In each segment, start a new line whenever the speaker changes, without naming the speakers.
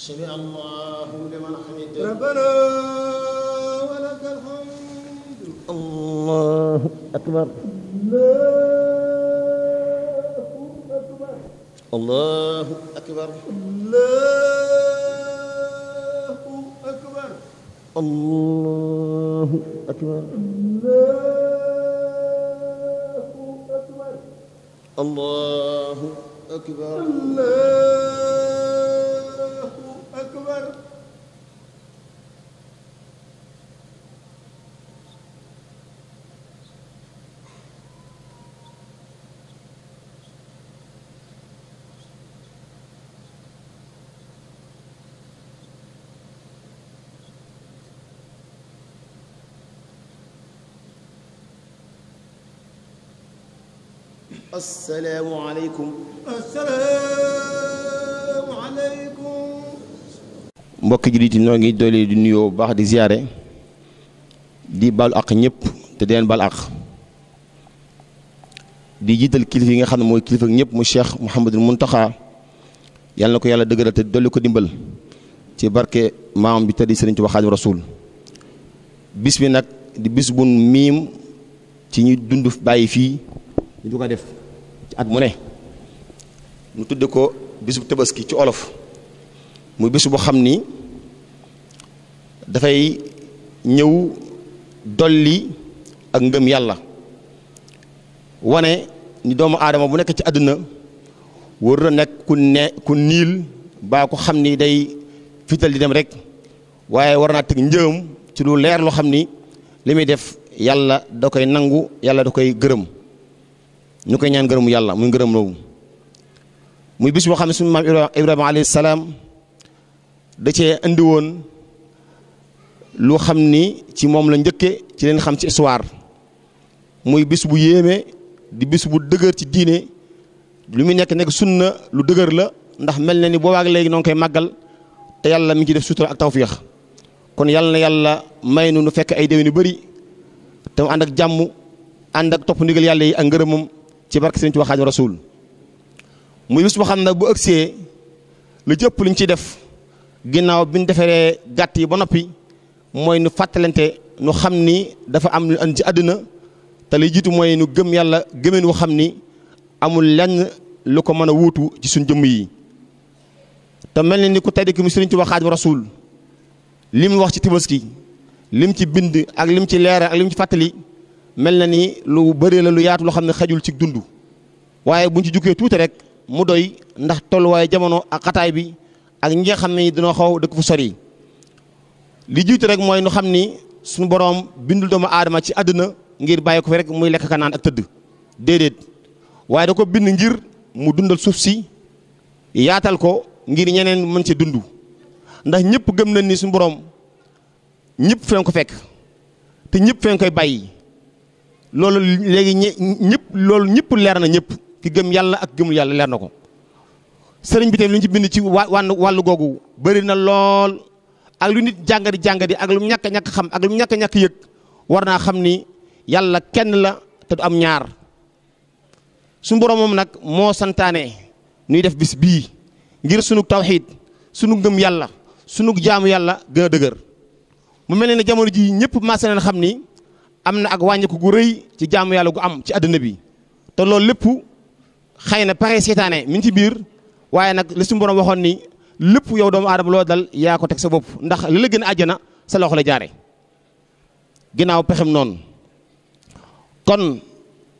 sami allahu liman hamidah rabbana wa lakal hamd allahu akbar allahu akbar allahu akbar allahu akbar allahu akbar allahu akbar akbar assalaamu aleykum assalaamu aleykum mbokki jullit yi noo ngi doole di nuyoo bu baax di ziyaare di balu ak ñëpp te deen bal ak di jiital kilifa yi nga xam ne mooy kilifa ñëpp mu cheikh Mouhamadul Muntaxa yàlla ko yàlla dëgëral te ko dimbal ci barke maam bi tëddi Sëriñ Tuubaa Xaadimu Rasuul bis bi nag di bis bu miim ci ñu dund bàyyi fii ñu du ko def ci at mu ne mu tudd ko bisu Tabaski ci olof muy bis boo xam ni dafay ñëw dolli ak ngëm yàlla wane ni doomu aadama bu nekk ci àdduna wër a nekk ku ne ku niil baa ko xam ni day fital di dem rek waaye war naa teg njëam ci lu leer loo xam ni li muy def yàlla da koy nangu yàlla da koy gërëm ñu koy ñaan gërëmu yàlla muy gërëm loolu muy bis xam ne suñu maam Ibrahima salaam da cee indi lu xam ni ci moom la njëkke ci leen xam ci histoire muy bis bu yéeme di bis bu dëgër ci diine lu muy nekk nekk sunna lu dëgër la ndax mel na ni boobaag léegi noonu koy màggal te yàlla mi ci def sutura ak tawféex kon yàlla na yàlla may nu nu fekk ay déwén yu bëri te mu ànd ak jàmm ànd ak topp ndigal yàlla yi ak ngërëmam ci barke Sëriñ Tuubaa Xaadimu Rasuul muy bis boo xam ne bu ëgsee lu jëpp luñ ciy def ginnaaw bi ñu defaree gàtt yi ba noppi. mooy nu fàttalante nu xam ni dafa am lu an ci àddina te li jiitu mooy nu gëm yàlla gëmeen wu xam ni amul lenn lu ko mën a wuutu ci suñ jëmm yi te mel na ni ku tedd ki mu sëriñ Tuubaa Xaadimu Rasuul lim wax ci Tabaski lim ci bind ak lim ci leeral ak lim ci fàttali mel na ni lu bëri la lu yaatu loo xam ne xajul ci dund waaye buñ ci jukkee tuuti rek mu doy ndax tolluwaay jamono ak xataay bi ak ñi nga xam ne dañoo xaw dëkk fu sori li jiitu rek mooy nu xam ni suñu boroom bindul doomu aadama ci àdduna ngir bàyyi ko fi rekk muy lekk ka naan ak tëdd déedéet waaye da ko bind ngir mu dundal suuf si yaatal ko ngir ñeneen mën ci dund ndax ñëpp gëm na ni suñ boroom ñëpp feen ko fekk te ñëpp feen koy bàyyi loolu léegi ñëpp loolu ñëpp leer na ñëpp ki gëm yàlla ak gëmul yàlla leer na ko sëriñ bi tamit ñu ci bind ci wàllu wàllu googu bëri na lool ak lu nit jàngadi jàngadi ak lu mu ñàkk xam ak lu mu ñàkk ñàkk yëg war naa xam ni yàlla kenn la te du am ñaar suñu borom moom nag moo santaane nuy def bis bii ngir sunu tawxiid sunu ngëm yàlla sunu jaamu yàlla gën dëgër mu mel ne ne jamono jii ñëpp maase nañ xam ni am na ak wàññiku gu rëy ci jaamu yàlla gu am ci àddina bi te loolu lépp xëy na pare seetaane mi ngi ci biir waaye nag li suñu borom waxoon ni lépp yow doomu aadama loo dal yaa ko teg sa bopp ndax li la gën a àjjana sa loxo la jaare ginnaaw pexem noonu kon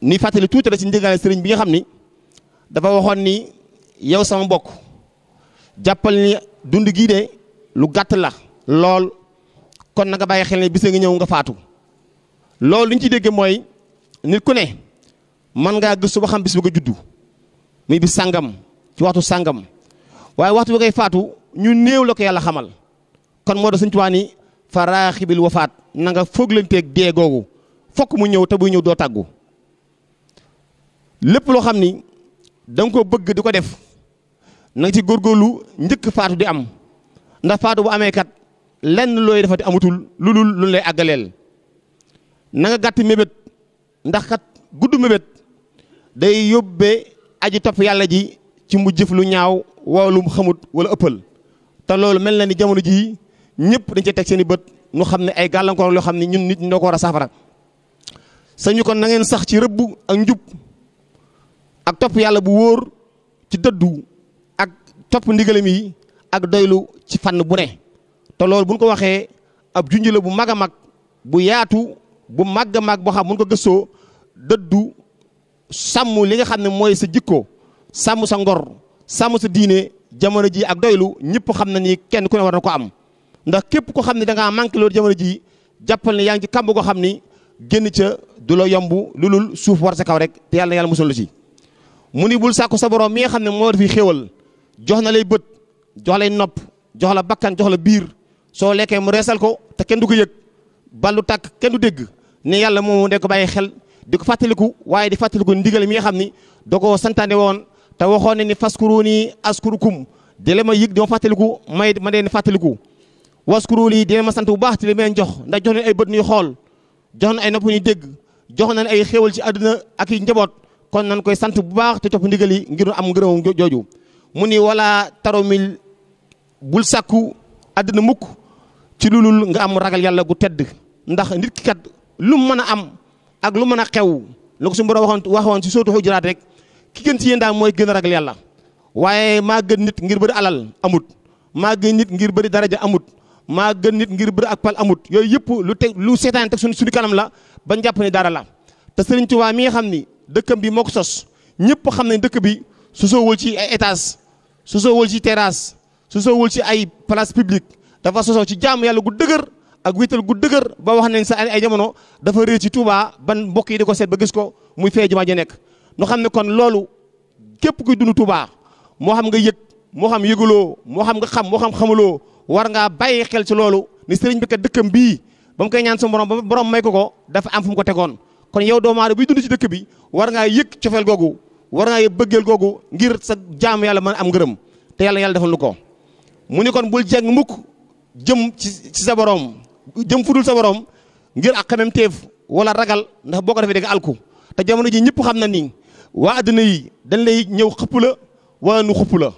ni fàttali tuuti rek ci njëgaane sëriñ bi nga xam ni dafa waxoon ni yow sama mbokk jàppal ni dund gii de lu gàtt la lool kon na nga bàyyi xel ne bisa nga ñëw nga faatu loolu li ñu ci dégg mooy nit ku ne mën ngaa gëstu ba xam bis ba nga juddu muy bis sàngam ci waxtu sàngam waaye waxtu bi koy faatu ñu néew la ko yàlla xamal kon moo da Sëñ Tuubaa ni fa raaxibil wafaat na nga fooglanteeg dee googu fokk mu ñëw te buy ñëw doo tàggu lépp loo xam ni da ko bëgg di ko def na ci góor góorlu njëkk faatu di am ndax faatu bu amee kat lenn looy defati amatul lu dul lu lay àggaleel na nga mébét ndax kat gudd mébét day yóbbee aji topp yàlla ji ci mu lu ñaaw wala lu xamut wala ëppal te loolu mel na ni jamono jii ñëpp dañ cee teg seen i bët ñu xam ne ay gàllankoor loo xam ne ñun nit ñi doo ko war a safara sañu kon na ngeen sax ci rëbb ak njub ak topp yàlla bu wóor ci dëddu ak topp ndigalam yi ak doylu ci fànn bu ne te loolu buñ ko waxee ab junjula bu mag a mag bu yaatu bu mag a mag boo xam buñ ko gëstoo dëddu sàmm li nga xam ne mooy sa jikko sàmm sa ngor sàmm sa diine jamono ji ak doylu ñëpp xam na ni kenn ku ne war na ko am ndax képp ko xam ne da ngaa manqué loolu jamono ji jàppal ne yaa ngi ci kàmb goo xam ni génn ca du la yomb lu lul suuf war sa kaw rek te yàlla na yàlla musal mu ni bul sàkku sa borom mi nga xam ne moo def xéewal jox na lay bët jox lay nopp jox la bakkan jox la biir soo lekkee mu reesal ko te kenn du ko yëg ballu tàkk kenn du dégg ne yàlla moomu de ko bàyyi xel di ko fàttaliku waaye di fàttaliku ndigal mi nga xam ni da koo santaane woon. te waxoon na ni faskuruuni askurukum di leen ma yëg di ma fàttaliku may ma dee leen fàttaliku waskuru lii di leen ma sant bu baax te li leen jox ndax jox nañ ay bët ñuy xool jox nañ ay nopp ñuy dégg jox nañ ay xéewal ci àddina ak i njaboot kon nañ koy sant bu baax te topp ndigal yi ngir am ngërëmam jooju mu ni wala taromil bul sàkku àddina mukk ci lulul nga am ragal yàlla gu tedd ndax nit ki kat lu mën a am ak lu mën a xew lu ko suñu borom waxoon waxoon ci sootu xujuraat rek ki gën ci yéen daal mooy gën a yàlla waaye maa gën nit ngir bëri alal amut maa gën nit ngir bëri daraja amut maa nit ngir bëri ak pal amut yooyu yëpp lu teg lu seetaan teg suñu suñu kanam la ba jàpp ne dara la te Serigne Touba mi nga xam ni dëkkam bi moo ko sos ñëpp xam ne dëkk bi su soowul ci ay étage su soowul ci terrasse su soowul ci ay place publique dafa sosoo ci jaamu yàlla gu dëgër ak wéetal gu dëgër ba wax nañ sa ay jamono dafa réer ci Touba ban mbokk yi di ko seet ba gis ko muy fee jumaa ja nekk nu xam ne kon loolu képp kuy dund Touba moo xam nga yëg moo xam yëguloo moo xam nga xam moo xam xamuloo war ngaa bàyyi xel si loolu ni sëriñ bi kat dëkkam bii ba mu koy ñaan sa borom ba borom may ko ko dafa am fu mu ko tegoon kon yow doomu aadama buy dund ci dëkk bi war ngaa yëg cofeel googu war ngaa yëg bëggeel googu ngir sa jaam yàlla mën am ngërëm te yàlla yàlla defal nu ko mu ni kon bul jeng mukk jëm ci ci sa borom jëm fudul sa borom ngir ak xamem wala ragal ndax boo ko defee da alku te jamono ji ñëpp xam na ni waa àddina yi dañ lay ñëw xëpp la wala nu xëpp la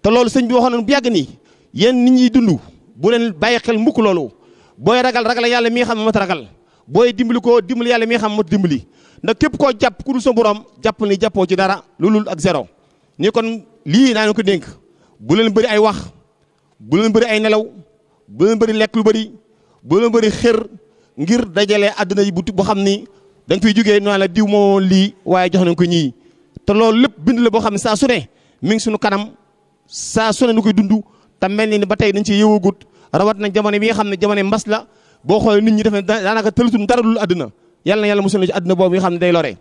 te loolu sëñ bi waxoon bu yàgg nii yéen nit ñuy dund bu leen bàyyi xel mukk loolu booy ragal ragal yàlla mi xam mat ragal booy dimbali ko dimbali yàlla mi xam mat dimbali ndax képp koo jàpp ku dul sa borom jàpp ni jàppoo ci dara lu lul ak zéro ni kon lii naa leen ko dénk bu leen bari ay wax bu leen bëri ay nelaw bu leen bëri lekk lu bari bu leen bëri xër ngir dajale àdduna yi bu bu xam ni da nga fiy jugee naa la diw moo lii waaye jox nañ ko ñii te loolu lépp bind la boo xam ne saa su ne mi ngi suñu kanam saa su ne nu koy dundu te mel ni ba tey dañ ci gut rawat nañ jamono bi nga xam ne jamono mbas la boo xoolee nit ñi defee ne daanaka tëlatuñ dara dul àdduna yàlla na yàlla mosul na ci àdduna boobu nga xam ne day lore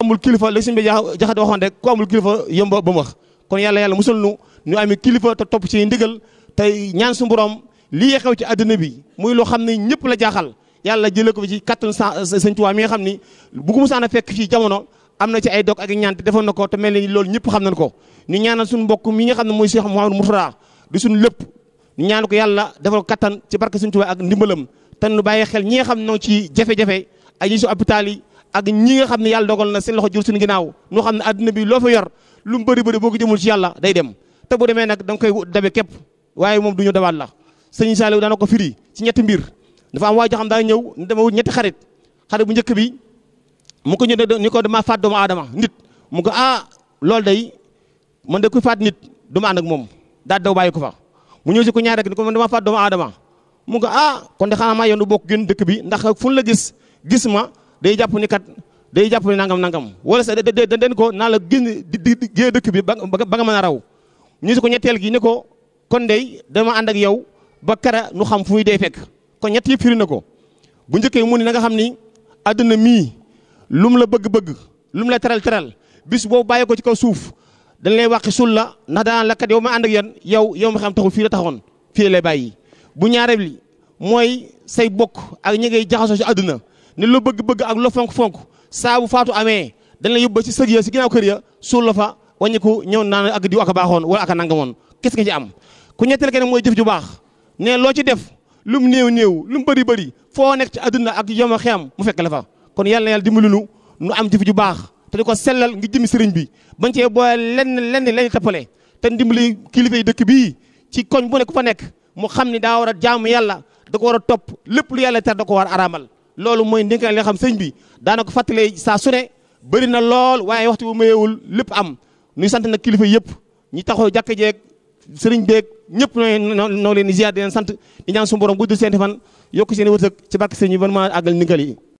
amul kilifa la suñ bi jaxate waxoon rek ku amul kilifa yomb ba mu kon yàlla yàlla musal nu ñu amee kilifa te topp ci ndigal tey ñaan su borom lii ci àdduna bi muy loo xam ne ñëpp la jaaxal yàlla jëlee ko fi ci kattan sëñ Tuubaa mi nga xam ni bu ko musaan a fekk fii jamono am na ci ay dog ak ñaan te defoon na ko te mel ni loolu ñëpp xam na ko ñu ñaanal suñu mbokk mi nga xam ne mooy Cheikh Mouhamadou Mourtada di suñu lépp ñu ñaanal ko yàlla defal kattan ci barke sëñ Tuubaa ak ndimbalam te nu bàyyi xel ñi nga xam ne ci jafe-jafe ak ñi si hôpital yi ak ñi nga xam ne yàlla dogal na seen loxo jur suñu ginnaaw ñoo xam ne adduna bi loo fa yor lu mu bëri bëri boo ko jëmul day dem te bu demee nag da koy dabe képp waaye moom du ñu dabaat la sëñ Saliou daana ko firi ci ñetti mbir dafa am waa joo daa ñëw dama wut ñetti xarit xarit bu njëkk bi mu ko ñu ne ñu ko dama faat doomu aadama nit mu ko ah loolu day man de ku faat nit du ma ànd ak moom daal daw bàyyi ko fa mu ñëw si ko ñaar rek ni ko dama mu ko ah kon de xanaa maa yoon dëkk bi ndax fu la gis gis day jàpp ni kat day jàpp ni nangam nangam wala sa ko naa la bi ba nga mën a raw ñu ko ñetteel gi ni ko kon dey dama ak yow ba kara nu xam fu muy dee fekk kon ñetti yëpp firi ko bu njëkkee mu ne na nga xam ni àdduna mii lum la bëgg-bëgg lum la teral teral bis boobu bàyyi ko ci kaw suuf dañ lay wàqi sul la ndax danaan la yow ma ànd ak yan yow yow ma xam taxul fii la taxoon fii lay bàyyi bu ñaareel li mooy say bokk ak ñi ngay jaxasoo ci àdduna ne lu bëgg-bëgg ak loo fonk-fonk saa bu faatu amee dañ la yóbbu ba ci sëg ya ci ginnaaw kër ya suul la fa wàññi ko ñëw naan ak diw ak a baaxoon wala ak a nangamoon kese nga ci am ku ñetteel mooy jëf ju baax ne loo ci def lum néew néew lum bëri bëri foo nekk ci àdduna ak yoma xeam mu fekk la fa kon yàlla yàlla dimbali nu nu am jëf ju baax te di ko sellal ngi jëmi sëriñ bi bañ cee boole lenn lenn lenn tappale te ndimbali kilifa yi dëkk bii ci koñ bu nekk ku fa nekk mu xam ni daa war a jaamu yàlla da ko war a topp lépp lu yàlla ter da ko war a araamal loolu mooy ndénkaan li nga xam sëñ bi daana ko fàttalee saa su ne bëri na lool waaye waxtu bu mayewul lépp am nuy sant na kilifa yëpp ñi taxoo jàkk jeeg sëriñ beeg ñëpp ñoo noo leen di ziar di sant di ñaan suñu borom gudd fan yokk seen i wërsëg ci bàkk sëñ yi ban maa